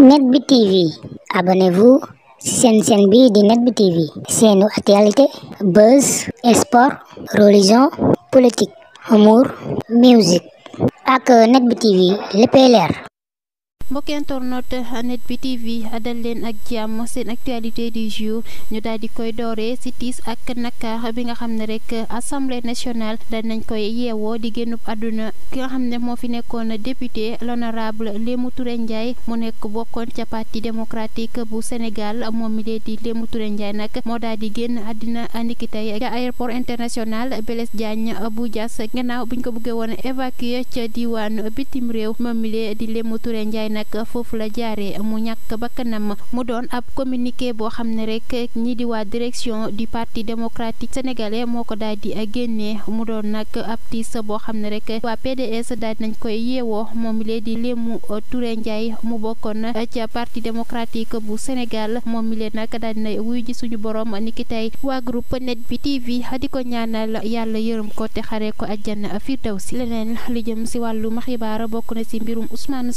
Net Bi TV abonnez-vous seen chaîne bi di Net Bi TV seenu actualité buzz sport religion politique humour musique ak Net Bi TV léppay leer mbokki internet net bi tv dal leen ak jàmm seen actualité du jour ñu daal di koy dooree si tiis ak nakaar bi nga xam ne rek assemblée nationale dañ nañ koy yeewoo di génnub àdduna ki nga xam ne moo fi nekkoon député l'honorable Lémou Touré Ndiaye mu nekk bokkoon ca parti démocratique bu Sénégal moom mi lee di Lémou Touré Ndiaye nag moo daal di génn àddina niki tey ca aéroport international Blaise Diagne bu Diass gannaaw buñ ko bëggee woon évacuer ca diwaanu bitim réew moom di Lémou Touré Ndiaye nag nag foofu la jaaree mu ñàkk bakkanam mu doon ab communiqué boo xam ne rek ñii di waa direction du parti démocratique sénégalais moo ko daal di génnee mu doon nag ab tiis boo xam ne rek waa PDS daal nañ koy yeewoo moom lee di Lému Touré Ndiaye mu bokkoon ca parti démocratique bu Sénégal moom lee nag daal na wuy ji suñu borom niki tey waa groupe net bi TV di ko ñaanal yàlla yërëm ko te xaree ko àjjana firdawsi leneen si wàllum xibaar bokk na si mbirum Ousmane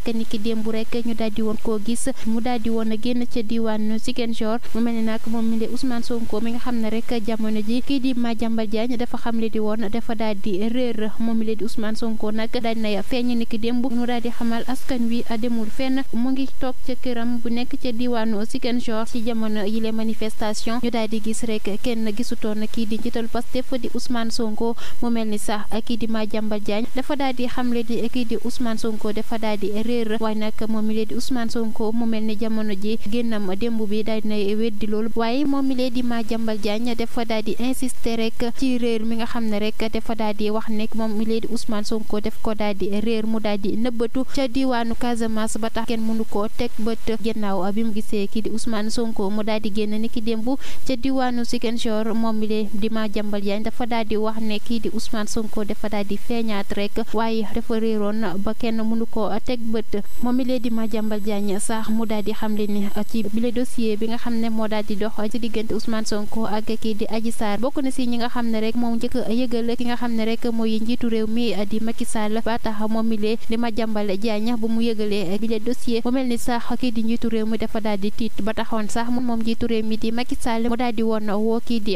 nag ni ki démb rek ñu daal di woon koo gis mu daal di woon a génn ca diwaanu Ziguinchor mu mel ni nag moom mi lee Ousmane Sonko mi nga xam ne rek jamono ji kii di Madiambal Diagne dafa xam le di woon dafa daal di réer moom mi lee di Ousmane Sonko nag daal na feeñ ni ki démb mu daal di xamal askan wi demul fenn mu ngi toog ca këram bu nekk ca diwaanu Ziguinchor ci jamono yi le manifestation ñu daal di gis rek kenn gisutoon kii di njiital Pastef di Ousmane Sonko mu mel ni sax kii di Madiambal Diagne dafa daal xamle di kii di Ousmane Sonko dafa daal réer waaye nag moom mi lee di Ousmane Sonko mu mel ni jamono ji génnam démb bi daal dina weddi loolu waaye moom mi lee di Madiambal Diagne dafa daal di insister rek ci réer mi nga xam ne rek dafa daal di wax nekk moom mi lee Sonko def ko daal di réer mu daal di nëbbatu ca diwaanu Casamance ba tax kenn mënu koo teg bët gannaaw bi mu gisee kii di Ousmane Sonko mu daal di génn ni ki démb ca diwaanu Ziguinchor moom mi lee di ma Madiambal Diagne dafa daal di wax ne kii di usmaan Sonko dafa daal di feeñaat rek waaye dafa réeroon ba kenn mënu koo teg bët moom mi lee di Madiambal Diagne bi nga xam moo daal di dox ci diggante Ousmane Sonko ak kii di Adji Sarr bokk na si ne rek moom njëkk a yëgal ki nga xam ne rek mooy njiitu mi di Macky Sall ba tax moom mi lee di Madiambal Diagne bu mu yëgalee bile dossier mu mel ni sax kii di njiitu réew mi dafa daal di ba taxoon sax moom njiitu réew mi di Macky Sall mu daal di woon woo kii di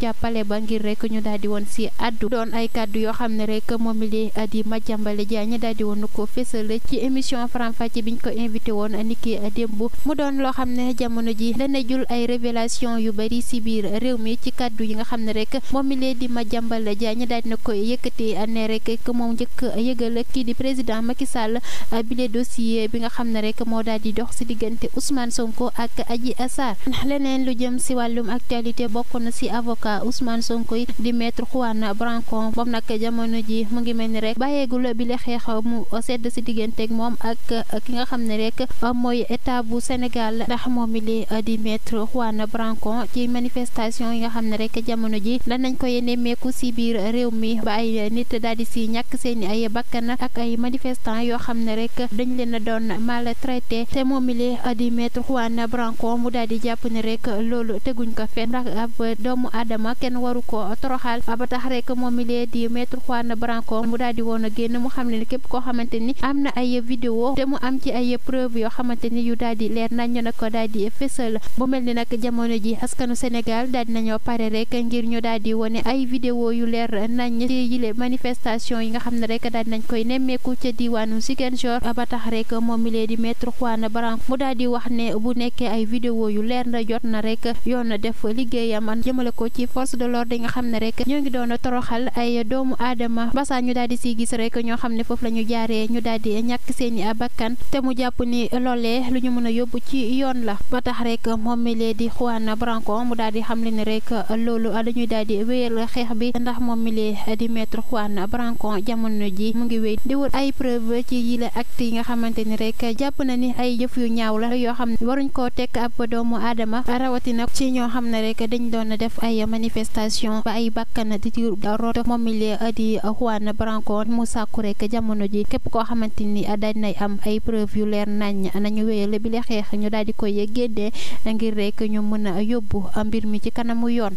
jàppale ba ngir rek ñu daal di woon si addu doon ay kàddu yoo xam ne rek moom mi di Madiambal Diagne daal woon ko fës fësal ci émission Faram Facce bi ñu ko invité woon ni ki démb mu doon loo xam ne jamono ji dana jul ay révélation yu bari si biir réew mi ci kaddu yi nga xam ne rek moom mi lee di Madiambal Diagne daal na koy yëkkati ne rek moom njëkk yëgal kii di président Macky Sall bi le dossier bi nga xam ne rek moo daal di dox si diggante Ousmane Sonko ak Adji Sarr leneen lu jëm si wàllum actualité bokk na si avocat Ousmane Sonko yi di maître Juan Branco moom nag jamono ji mu ngi mel ni rek bàyyeegul bi le mu sedd si ci digganteeg moom ak uh, ki nga xam ne rek uh, mooy état bu Sénégal ndax moom mi li uh, di maître Juan Branco ci manifestation yi nga xam ne rek jamono ji danañ ko yéene meeku si biir réew mi ba ay nit daal di si ñàkk seen ay bakkan ak ay manifestants yoo xam ne rek dañ leen a doon maltraité te moom mi li di maître Juan Branco mu daal di jàpp ne rek loolu teguñ ko fenn ndax ab doomu aadama kenn waru ko toroxal ba tax rek moom di maître Juan Branco mu daal woon a génn mu xam am na ay vidéo te mu am ci ay preuve yoo xamante ni yu daal di leer nañ ñu na ko daal di fësal mu ni nag jamono ji askanu Sénégal daal di nañoo pare rek ngir ñu daal di wone ay vidéo yu leer yi nga xam ne rek daal nañ koy nemmeeku ca diwaanu Ziguinchor ba tax rek moom mi lee di maître Juan Branco mu daal di wax ne bu nekkee ay vidéo yu leer na jot na rek yoon na def liggéeyam jëmale ko ci force de l'ordre yi nga xam ne rek ñoo ngi doon toroxal ay doomu aadama basaa ñu daal di si gis rek ñoo xam ne foofu la ñu ñu daal di ñàkk seeni bakkan te mu jàpp ni loolee lu ñu mën a yóbbu ci yoon la ba tax rek moom mi lee di Juan Branco mu daal di xamle ni rek loolu dañuy daal di wéyal xeex bi ndax moom mi di maître Juan Branco jamono ji mu ngi wéy di ay preuve ci yile acte yi nga xamante ni rek jàpp na ni ay jëf yu ñaaw la yoo xam ne waruñ koo teg ab doomu aadama rawatina ci ñoo xam ne rek dañ doon def ay manifestation ba ay bakkan di rot moom mi di Juan xamante ni ah, daaj nay am ay preuve yu leer nañ ah, nañu wéyale bi la xeex ñu daal di koy génnee ngir rek ñu mën a yóbbu ah, mbir mi ci kanamu yoon